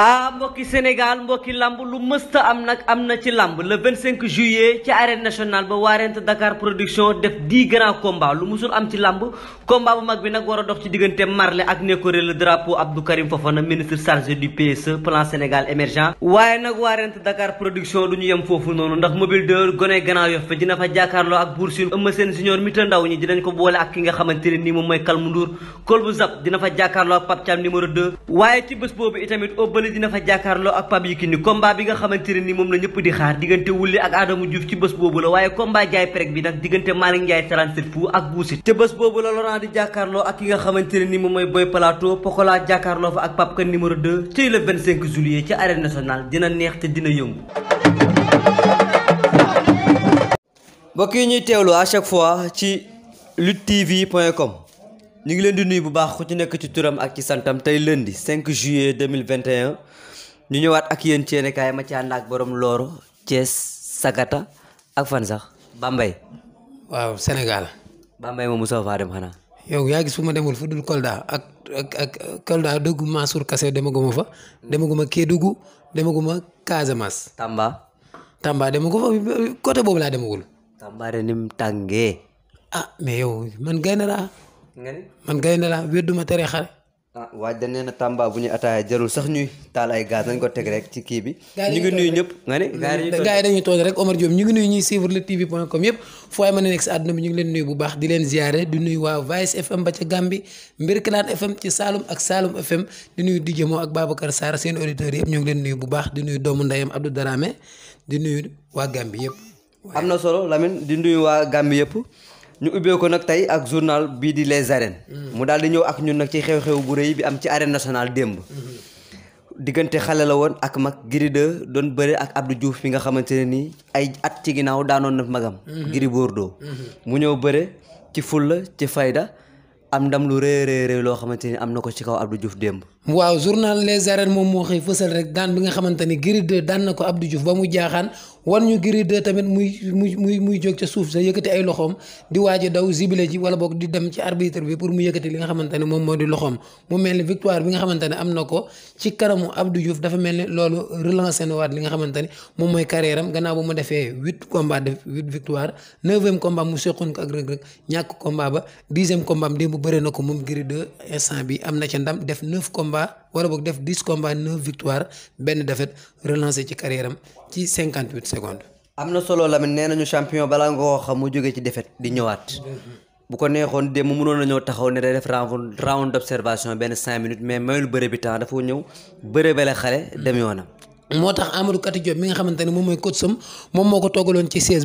ah mbokki Sénégal mbokki lamb lu mësta am nag am na ci lamb le 25 juillet ci arène nationale ba waarent Dakar production def 10 grands combats lu musul am ci lamb komba bu mag bi nag war a dox ci diggante Marley ak Nékoré le drapeau Abdou Karim Fofana ministre chargé du PSE plan Sénégal émergent waaye nag waarent Dakar production du ñu yem foofu noonu ndax mobile de gone gannaaw yof fa dina fa jàkkaarloo ak Bour Sine Eumeu Sène junior mi ta ndaw ñi xamante ne nii moom mooy Kalmu Ndour Kolbu Zap dina fa jàkkaarloo ak Pape Double dina fa jàkkaarloo ak Pape Yekini combat bi nga xamante ne ni moom la ñëpp di xaar diggante Wouly ak Adama Diouf ci bés boobu la waaye combat jaay prek bi nag diggante Malick Ndiaye fu ak buusit te bés boobu la Laurent di jàkkaarloo ak ki nga xamante ne ni moom mooy Boy Plateau Pokola jàkkaarloo fa ak Pape Kane numéro 2 ci le 25 juillet ci arène nationale dina neex te dina yëngu mbokk yi ñuy teewlu à chaque fois ci lutte tv point com ñu ngi leen di nuyu bu baax ku ci nekk ci turam ak ci santam tey lundi 5 juillet 2021 ñu ñëwaat ak yéen ci yéen kaay ma ci ànd ak borom Loro Thiès Sagata ak fan sax Bambey. waaw Sénégal. Bambey moom Moussa faa dem xanaa. yow yaa gis fu ma demul fu dul Kolda ak ak ak Kolda dëggu Mansour Kassé demaguma fa. demaguma Kédougou demaguma Casamance. Tamba. Tamba demagu fa côté boobu laa demagul. Tamba de ni tàngee. ah mais yow man gaynde nga ni man gaynde laa wedduma tere xare. ah waaj bu ñu ataaya sax ñuy taal ay gaz nañ ko teg rek ci kii bi. ñu ngi nuyu ñëpp nga ni. gars dañuy toog rek Omar Diop ñu ngi nuyu ñuy suivre le TV point com yëpp fu waay mën a nekk si àdduna bi ñu ngi leen nuyu bu baax di leen di nuyu waa Vice FM ba ca Gambie seen auditeurs yëpp ñu leen nuyu bu baax di nuyu doomu ndeyam Abdou Darame di nuyu waa Gambie yëpp. am na solo Lamine di nuyu waa Gambie yëpp ñu ubbee ko nag tey ak journal bii di les arènes. mu daal di ñëw ak ñun nag ci xew-xew bu rëy bi am ci arène nationale démb. diggante xale la woon ak mag Gris 2 doon bëre ak Abdou Diouf mi nga xamante ne nii ay at ci ginnaaw daanoon nag magam. Mhm. Gris doo mhm. mu ñëw bëre ci fulla ci fayda am ndam lu rëy rëy loo xamante ni am na ko ci kaw Abdou Diouf démb. waaw journal les arènes moom moo xëy fësal rek daan bi nga xamante ni Gris 2 daan na ko Abdou Diouf ba mu jaaxaan wan ñu Gris 2 tamit muy muy muy muy jóg ca suuf sa yëkkati ay loxoom di waaj a daw zibile ji wala boog di dem ci arbitre bi pour mu yëkkati li nga xamante ne moom moo di mu mel ni victoire bi nga xamante ne am na ko ci kanamu Abdou Diouf dafa mel ni loolu relancé na li nga xamante ne moom mooy carrière am gannaaw bu ma defee huit combat def huit victoire neuvième combat mu seqoon ko ak Reug Reug ñàkk combat ba dixième combat am bu bëri na ko mun Gris 2 instant bi am na ca ndam def neuf komba wala boog def dix combats neuf victoire benn defet relancé ci carrière am ci cinquante huit secondes. am na solo Lamine nee nañu champion balaa ngoo xam mu jógee ci defet di ñëwaat. bu ko neexoon démb mënoon na ñëw taxaw ne day def round round d' observation benn cinq minutes mais mayul bëre bi temps dafoo ñëw bëre bale xale dem yoonam. moo tax Amadou Kati Diop mi nga xamante ne moom mooy coach sam moom ko toogaloon ci ci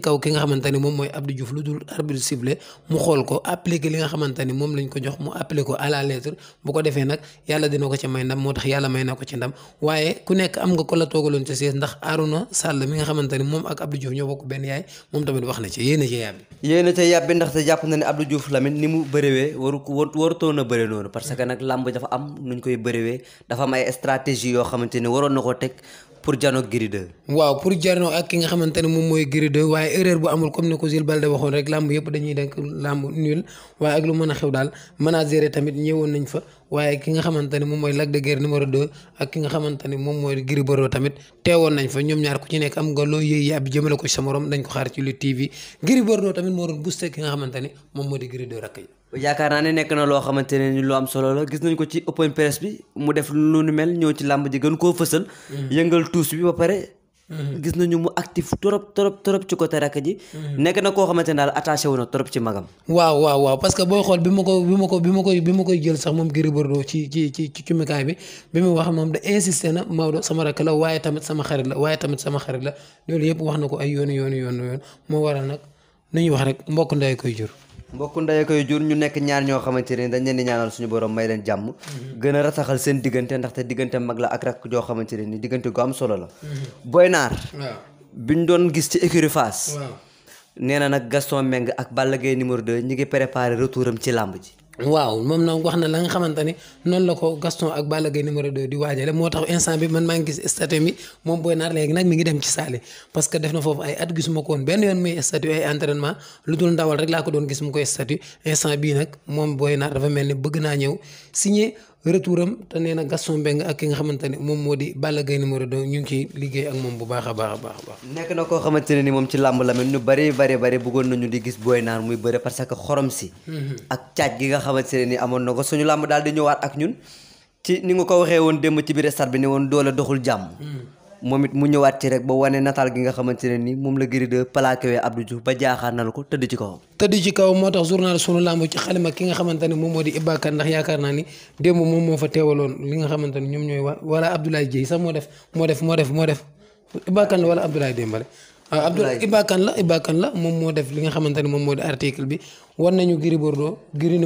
kaw ki nga xamante ne moom mooy Abdou Diouf lu dul arbitre ciblé mu xool ko appliqué li nga xamante ne moom lañ ko jox mu appliqué ko à la lettre bu ko defee nag yàlla dina ko ci may ndam moo tax yàlla may na ko ci ndam waaye ku nekk am ko la toogaloon ci siège ndax Arouna Sall mi nga xamante ne moom ak Abdou Diouf ñoo bokk benn yaay moom tamit wax na ci yéen a ci yàbbi. yéen a ca yàbbi ndaxte jàpp na ne Abdou Diouf Lamine ni mu bëree waru warutoon a bëre noonu parce que nag làmb dafa am nuñ koy bëriwee dafa am ay stratégie yoo xamante ne waroon na ko teg pour janoog Gris 2 waaw pour janoo ak ki nga xamante ne moom mooy Gris waaye erreur bu amul comme ni ko Jules Balde waxoon rek làmb yëpp a xew daal manager tamit ñëwoon nañ fa waaye ki nga xamante ne moom mooy Lac de Guiers numéro 2 ak ne moom mooy Gris Bordeaux tamit teewoon nañ fa ñoom ñaar ku ci nekk am nga loo yëy yàbbi jëmale ko ci moo ki nga xamante ne moom moo di Gris rakk yi yaakaar naa ne nekk na loo xamante ne lu am solo la gis nañ ko ci open press bi mu def lu nu mel ñëw ci làmb ji gën koo fësal. Mm-hmm. yëngal tuus bi ba pare. Mm-hmm. gis nañu mu actif trop trop trop ci côté rakk ji. Mm-hmm. nekk na koo xamante ne daal attaché wu na trop ci magam. waaw waaw waaw parce que boo xool bi ma ko bi ma ko bi ma koy bi ma koy jël sax moom Gris Bordeaux ci ci ci ci cumikaay bi bi mu wax moom da insisté na Maodo sama rakk la waaye tamit sama xarit la waaye tamit sama xarit la loolu yëpp wax na ko ay yoonu yoonu yoonu yoon moo waral nag nu ñuy wax rek mbokk ndey koy jur. mbokku ndey koy jur ñu nekk ñaar ñoo xamante ne dañ leen di ñaanal suñu borom may leen jàmm mm-hmm. gën a seen diggante ndaxte diggante mag la ak rakk joo xamante ne ni diggante gu am solo la mm-hmm. Boy Naar biñ doon gis ci écurie Fass nee na nag Gaston Mbengue ak Balla Gaye numéro 2 ñi ngi préparé retouram ci làmb ji waaw moom nag wax na la nga xamante ne noonu la ko Gaston ak Balla Gaye numéro 2 di waajale moo tax instant bi man maa ngi gis statut mi moom Boy Nar léegi nag mi ngi dem ci saali parce que def na foofu ay at gisuma ko woon benn yoon muy statut ay lu dul ndawal rek laa ko doon gis mu koy statut instant bii nag moom Boy Nar dafa mel ni bëgg naa ñëw signé retour am te nee na Gaston Mbengue ak ki nga xamante ne moom moo di Balla Gaye numéro 2 ñu ngi ciy liggéey ak moom bu baax a baax a baax a baax nekk na koo xamante ne ni moom ci làmb Lamine ñu bare bare bari bëggoon ñu di gis Boy Naar muy bëre parce que xorom si mhm. ak caaj gi nga xamante ne ni amoon na ko suñu làmb daal di ñëwaat ak ñun ci ni nga ko waxee woon démb ci biir stade bi ni woon doole doxul jàmm mhm. moom it mu ñëwaat ci rek ba wane nataal gi nga xamante ne ni moom la Gris 2 plaqué wee Abdou Diouf ba jaaxaanal ko tëdd ci kawam tëdd ci kaw moo tax journal sunu lamb ci xalima ki nga xamante ne moom moo di Iba Kane ndax yaakaar naa ni démb moom moo fa teewaloon li nga xamante ne ñoom ñooy waa wala Abdoulaye Dieye sax moo def moo def moo def moo def Iba Kane wala Abdoulaye Dembale waaw ah, Abdoulaye Iba Kane la Iba Kane la moom moo def li nga xamante ne moom moo di article bi wan nañu Gris Bordeaux Gris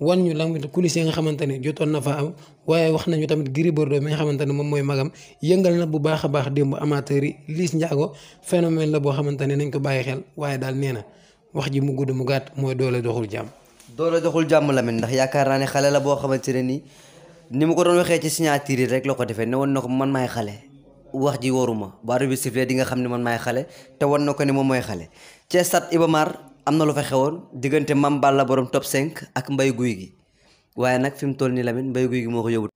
wan ñu lan coulisse yi nga xamante ne jotoon na fa am waaye wax nañu tamit Gris Bordeaux mi nga xamante ne moom mooy magam yëngal na bu baax a baax démb amateur yi Liss Ndiago phénomène la boo xamante ne nañ ko bàyyi xel waaye daal nee na wax ji mu gudd mu gàtt mooy doole doxul jàmm. doole doxul jàmm la mel ndax yaakaar naa ne xale la boo xamante ne nii ni mu ko doon waxee ci signature yi la ko defee ne woon na ko man maay xale. wax ji wóoruma bu arbitre bi sifflé nga xam ne man maay xale te won na ko ne moom mooy xale ci stade Iba am na lu fa xewoon diggante Mame la borom top 5 ak mbay guy gi waaye nag fi mu toll nii Lamine mbay guy gi moo ko yóbbu.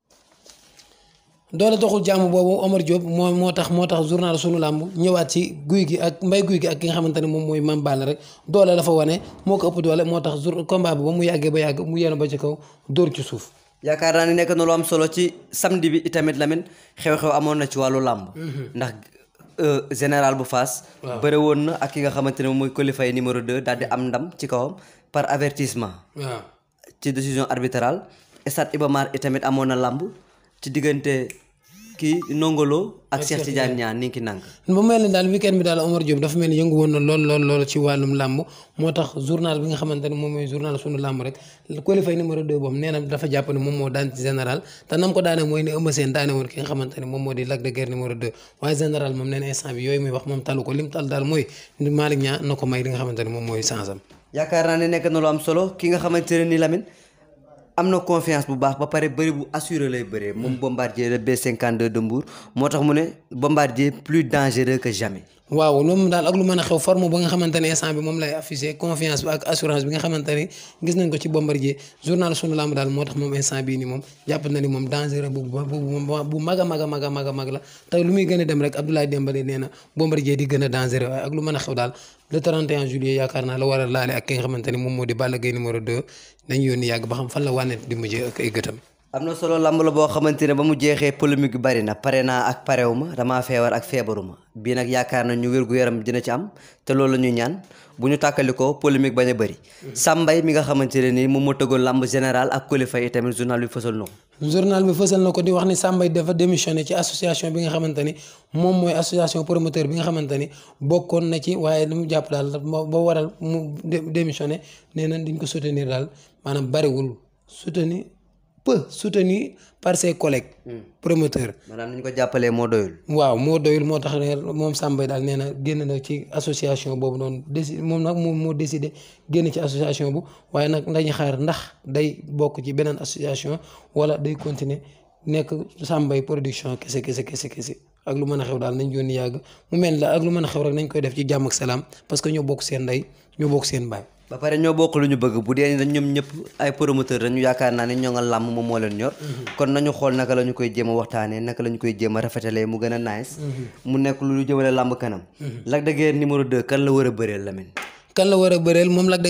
doole doxul jàmm boobu Omar Diop moo moo tax moo tax journal sunu làmb ñëwaat ci guy gi ak mbay guy gi ak ki nga xamante ne moom mooy Mame Balla rek doole la fa wane moo ko ëpp doole moo tax jour combat ba mu yàggee ba yàgg mu yéene ba kaw dóor ci suuf. yaakaar naa ne nekk na lu am solo ci samedi bi itamit Lamine xew-xew amoon na ci wàllu làmb mhm. ndax euh, général bu Fass bëre woon na ak ki nga xamante ne mooy qualifié numéro 2 daal di am ndam ci kawam par avertissement ci décision arbitrale stade Iba Mar itamit amoon na làmb ci diggante kii Ndongo ak Cheikh ci wàllum làmb moo tax moom mooy journal sunu làmb rek de waaye général moom nee instant bi yooyu muy wax moom talu ko lim tal daal mooy Malick Niang na may li nga moom mooy sansam yaakaar naa ne nekk na am solo ki nga xamante ne am na confiance bu baax ba pare bëri bu assuré lay bëree moom mm. bombardier le B52 de Mbour moo tax mu ne bombardier plus dangereux que jamais waaw loolu daal ak lu mën a xew forme ba nga xamante ne instant bi moom lay affiché confiance bi ak assurance bi nga xamante ne gis nañ ko ci Bombardier journal sunu lamb daal moo tax moom instant moom jàpp bu bu mag a mag a a mag a mag la te lu muy gën a dem rek Abdoulaye Dembélé nee na Bombardier di gën a dangereux ak lu mën a xew daal le 31 juillet yaakaar naa la war a laale ak ki nga moom moo di Balla Gaye numéro 2 dañu yónni yàgg ba xam fan la am na solo lamb la boo xamante ne ba mu jeexee polémique yu bari na pare naa ak parewu ma damaa feebar ak feebaruma bii nag yaakaar na ñu wér-gu-yaram dina ci am te loolu la ñuy ñaan bu ñu tàkkalikoo polémique bañ a bëri mm-hmm. Sambay mi nga xamante ne nii moom moo tëggoon lamb général ak Coly Faye tamit journal bi fësal na ko journal bi fësal na ko di wax ni Sambay dafa démissionné ci association bi nga xamante ni moom mooy association promoteur bi nga xamante ni bokkoon na ci waaye lu mu jàpp daal ba waral mu démissionné nee na diñ ko soutenir daal maanaam bariwul soutenir peu soutenu par ses collègues. Hmm. promoteurs. maanaam ni ñu ko jàppalee moo doyul. waaw moo doyul moo tax ne moom Samba daal nee na génn na ci association boobu noonu déci moom nag moom moo décidé génn ci association bu waaye nag dañuy xaar ndax day bokk ci beneen association wala day continuer nekk Sambay production kese kese kese kese. ak lu mën a xew daal nañ yónni yàgg mu mel la ak lu mën a xew rek nañ koy def ci jàmm ak salaam parce ñoo bokk seen ndey ñoo bokk seen baay. ba pare ñoo bokk lu ñu bëgg bu dee dañ ñëpp ay promoteur dañu yaakaar naa ne ñoo nga làmm moom moo leen ñor mm-hmm. kon nañu xool naka la koy jéem a waxtaanee naka la koy jéem a rafetalee mu gën a nice mm-hmm. mu nekk lu jëmale làmb kanam mm-hmm. Lac de Guiers kan la war a bëreel Lamine kan la war a bëreel moom Lac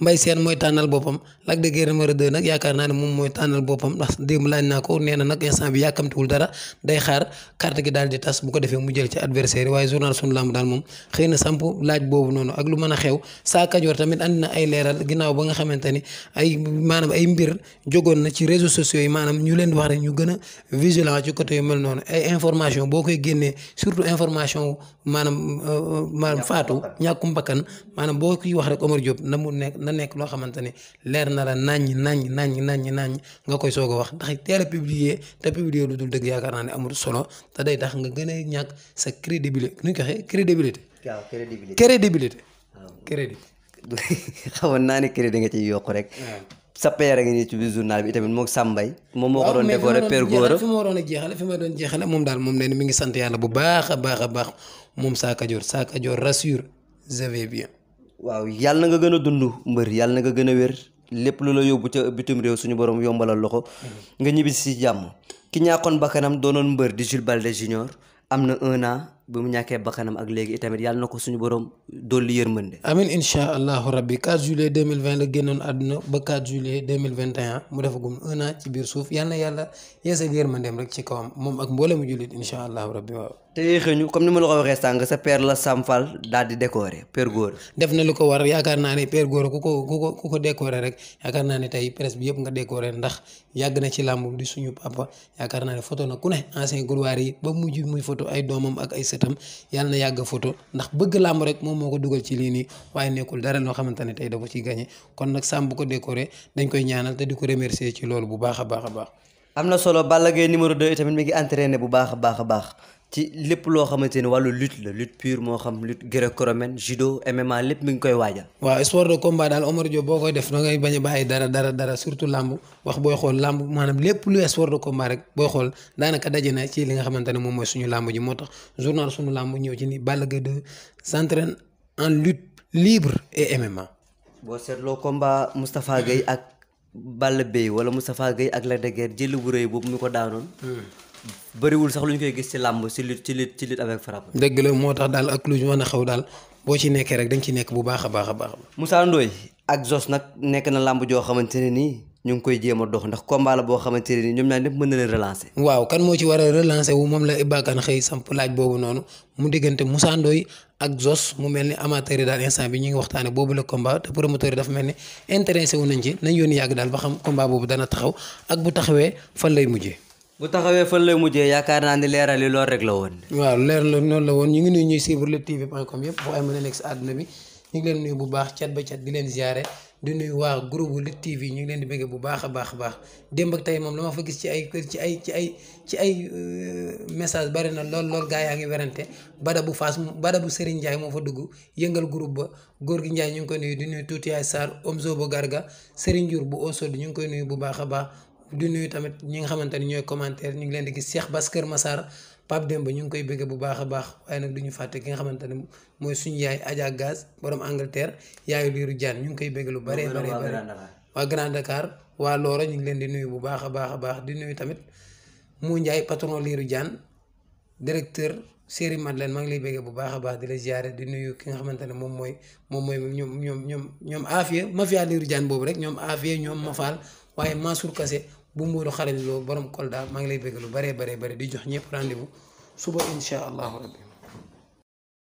Mbaye Sène mooy tànnal boppam Lac de Guiers numéro yaakaar naa ne moom mooy tànnal boppam ndax démb laaj naa ko nee na nag instant bi yàkkamtiwul dara day xaar carte gi daal di tas bu ko defee mu jël ci adversaire yi waaye journal sunu lamb daal moom xëy na samp laaj boobu noonu ak lu mën a xew saa kajoor tamit andi na ay leeral ginnaaw ba nga xamante ni ay maanaam ay mbir jogoon na ci réseaux sociaux yi maanaam ñu leen wax rek ñu gën a vigilant ci côté yu mel noonu ay information boo koy génnee surtout information maanaam euh, euh, maanaam faatu ñàkkum bakkan maanaam boo koy wax rek Omar Diop na mu nekk na nekk loo xamante ne leer na la naññ naññ naññ naññ naññ nga koy soog wax ndax teel a publier te publier lu dul dëgg yaakaar naa ne amul solo te day tax nga gën a ñàkk sa crédibilité nu ñu ko waxee crédibilité. waaw crédibilité crédibilité. Ah, crédit. xamoon naa ne crédit nga ciy yokk rek. Ah. sa peer a ngi nii ci biir journal bi itamit moom Sambay moom moo ko doon décoré père Gora fi ma waroon a jeexale fi ma doon jeexale moom daal moom nee na mi ngi sant yàlla bu baax a baax a baax moom Sa Cadior saa Cadior rassure waaw yàlla na nga gën a dund mbër yàlla na nga gën a wér lépp lu la yóbbu ca bitim réew suñu borom yombalal loxo mm-hmm. nga ñibbi si jàmm ki ñàkkoon bakkanam doonoon mbër di Jules Balde junior am na un an bi mu ñàkkee bakkanam ak léegi itamit yàlla na ko suñu borom dolli yërmande. amiin incha allahu rabbi 4 juillet 2020 la génnoon àdduna ba 4 juillet mu defagum un an ci biir suuf yàlla na yàlla yeesal yërmandeem rek ci kawam moom ak mboolemu jullit incha allahu rabbi waaw. te yéexeñu comme ni ma la ko waxee sànq sa père la Sam Fall daal di décorer père góor. def na lu ko war yaakaar naa ne père góor ku ko ku ko ku ko décorer rek yaakaar naa ne tey presse bi yëpp nga décorer ndax yàgg na ci làmb di suñu papa yaakaar naa ne photo na ku ne ancien gloire yi ba mujj muy photo ay doomam ak ay sëtam yàlla na yàgg photo ndax bëgg làmb rek moom moo ko dugal ci lii nii waaye nekkul dara loo xamante ne tey dafa ciy gagné kon nag Sam bu ko décorer dañ koy ñaanal te di ko remercier ci loolu bu baax a baax baax. am na solo Balla Gaye numéro 2 tamit mi ngi entraîné bu baax a baax a baax. ci lépp loo xamante ni wàllu lutte la lutte pure moo xam lutte gréco-romaine judo MMA lépp mi ngi koy waajal. waaw sport de combat daal Omar Diop boo koy def da ngay bañ a bàyyi dara dara dara surtout làmb wax booy xool làmb maanaam lépp lu sport de combat rek booy xool daanaka daje na ci li nga xamante ne moom mooy suñu làmb ji moo tax journal suñu làmb ñëw ci ni Balla Gaye 2 s'entraîne en lutte libre et MMA. boo seetloo combat Moustapha Guèye ak Balla Bèye wala Moustapha Guèye ak Lac de Guiers bu rëy boobu mu ko daanoon. Hmm. bëriwul sax lu ñu koy gis ci làmb ci lutte ci lutte ci lutte avec frappe. dëgg la moo tax daal ak lu ñu mën a xaw daal boo ci nekkee rek dañ ci nekk bu baax a baax a baax. Moussa ak Zos nag nekk na làmb joo xamante ne nii ñu ngi koy jéem a dox ndax combat boo xamante ne nii ñoom ñaar mën na leen relancer. waaw kan moo ci war a relancer wu moom la Iba Kane xëy boobu noonu mu diggante Moussa Ndoye ak Zos mu mel ni amateur daal instant bi ñu ngi waxtaane boobu la combat te promoteur yi dafa mel ni intéressé wu nañ ci nañ yoon yàgg daal ba xam combat boobu dana taxaw ak bu taxawee fan lay mujjee bu taxawee fan lay mujjee yaakaar naa ni leeral yi loolu rek la woon. waaw leer la noonu la woon ñu ngi nuy ñuy suivre luttetv.com yëpp foo ay mën a nekk si àdduna bi ñu ngi leen nuyu bu baax cat ba cat di leen ziare di nuyu waa groupe Lutte TV ñu ngi leen di bëgg bu baax a baax baax démb tey moom la ma fa gis ci ay ci ay ci ay ci ay euh, message bari na lool lool gaa yaa ngi werante bada bu Faas bada bu Serigne Ndiaye moo fa dugg yëngal groupe ba góor gi Ndiaye ñu ngi koy nuyu di nuyu tuuti yaay Sarr Omzo bu Garga Serigne Ndiour bu Osod ñu ngi koy nuyu bu baax a baax. di nuyu tamit ñi nga xamante ni ñooy commentaire ñu ngi leen di gis Cheikh Bass Kër Massar Pape Demba ñu ngi koy bëgg bu baax a baax waaye nag du ñu fàtte ki nga xamante ne mooy suñu yaay Adja Gaz borom Angleterre yaayu liiru jaan ñu ngi koy bëgg lu bare bare bare waa Grand Dakar waa Loora ñu ngi leen di nuyu bu baax a baax di nuyu tamit mu Ndiaye patron liiru jaan directeur Série Madeleine maa ngi lay bëgg bu baax a baax di la ziare di nuyu ki nga xamante ne moom mooy moom mooy ñoom ñoom ñoom ñoom Afia mafia liiru jaan boobu rek ñoom Afia ñoom Mafal waaye Mansour Kassé bu Modou xarañ loo borom Kolda maa ngi lay bëgg lu baree baree bëri di jox ñëpp rendez suba incha allahu rabbi